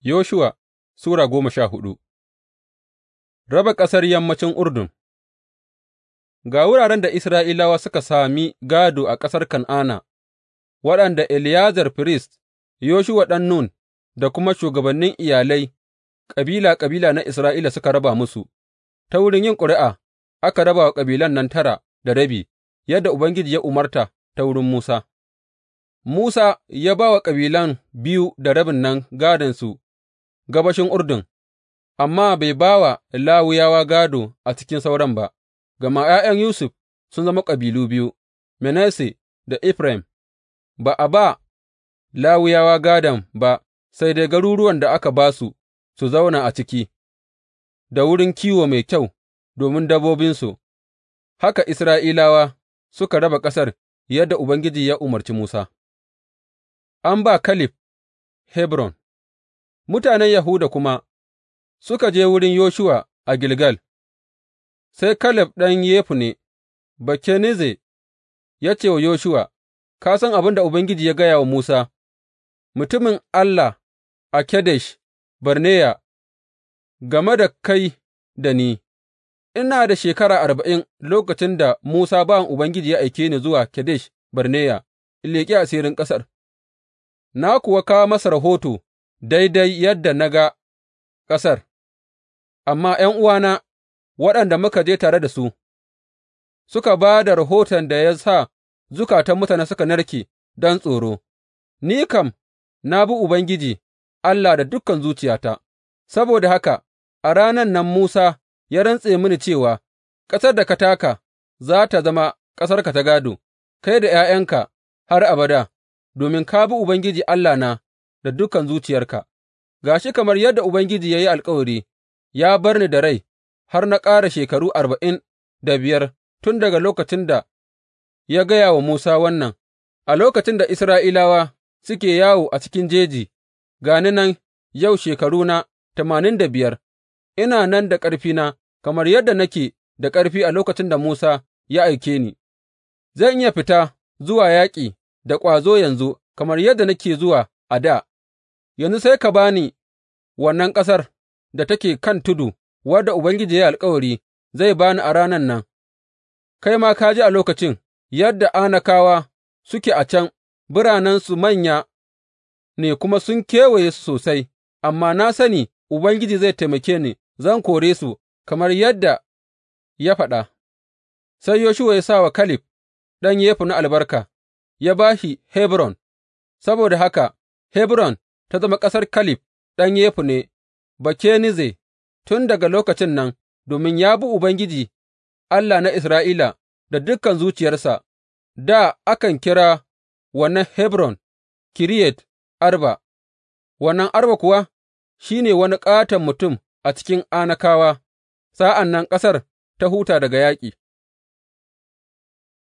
Yoshuwa Sura goma sha hudu Raba ƙasar yammacin Urdun Ga wuraren da Isra'ilawa suka sami gado a ƙasar Kan'ana, waɗanda Eliyazar firist, Yoshuwa ɗan Nun da kuma shugabannin iyalai, ƙabila-ƙabila na Isra'ila suka raba musu, ta wurin yin ƙuri'a aka raba wa kabilan nan tara da rabi, yadda Ubangiji ya umarta ta wurin Musa. Musa ya ba wa kabilan biyu da rabin nan gādonsu. gabashin Urdun, amma bai ba wa Lawiyawa gādo a cikin sauran ba, gama ’ya'yan Yusuf sun zama ƙabilu biyu, Manasse da Efraim, ba a ba Lawiyawa gādon ba, sai dai garuruwan da aka ba su su zauna a ciki, da wurin kiwo mai kyau domin dabobinsu. haka Isra'ilawa suka raba ƙasar yadda Ubangiji ya umarci Musa. An ba kalif Hebron Mutanen Yahuda kuma suka je wurin Yoshuwa a Gilgal, sai Kaleb ɗan Yefune, bakenize ya ce wa Yoshuwa, Ka san abin da Ubangiji ya gaya wa Musa, mutumin Allah a Kadesh Barneya game da kai da ni, ina da shekara arba'in lokacin da Musa bawan Ubangiji ya aike ni zuwa Kadesh Barneya in leƙi asirin ƙasar, na kuwa kawo masa rahoto. daidai yadda na ga ƙasar, amma ’yan'uwana waɗanda muka je tare da su, suka ba da rahoton da ya sa zukatan mutane suka narke don tsoro, ni kam na bi Ubangiji Allah da dukan zuciyata, saboda haka a ranan nan Musa ya rantse mini cewa, Ƙasar da ka taka za ta zama ƙasarka ta gādo, kai da ’ya'yanka har abada, domin ka bi Ubangiji Allahna. da dukan zuciyarka, ga shi kamar yadda Ubangiji ya yi alkawari, ya bar ni da rai har na ƙara shekaru arba'in da biyar tun daga lokacin da ya gaya wa Musa wannan, a lokacin da Isra'ilawa suke yawo a cikin jeji, gani nan yau shekaru na tamanin da biyar, ina nan da ƙarfina kamar yadda nake da ƙarfi a lokacin da Musa ya aike ni, zan iya fita zuwa yaƙi da ƙwazo yanzu kamar yadda nake zuwa a da, Yanzu sai ka ba ni wannan ƙasar da take kan tudu wadda Ubangiji ya yi alkawari zai ba ni a ranan nan, kai ma ka ji a lokacin yadda Anakawa suke a can, biranensu manya ne kuma sun kewaye su sosai, amma na sani Ubangiji zai taimake ni, zan kore su kamar yadda ya faɗa. Sai Yoshuwa ya sa wa Kalib ɗan na albarka, ya ba shi Hebron, saboda haka Hebron ta zama ƙasar Kaleb ɗan Yefunne Bakenize tun daga lokacin nan, domin ya bi Ubangiji Allah na Isra'ila da dukan zuciyarsa, da akan kira wannan Hebron, Kiriyat Arba, wannan Arba kuwa shi ne wani ƙaton mutum a cikin Anakawa, sa'an nan ƙasar ta huta daga yaƙi.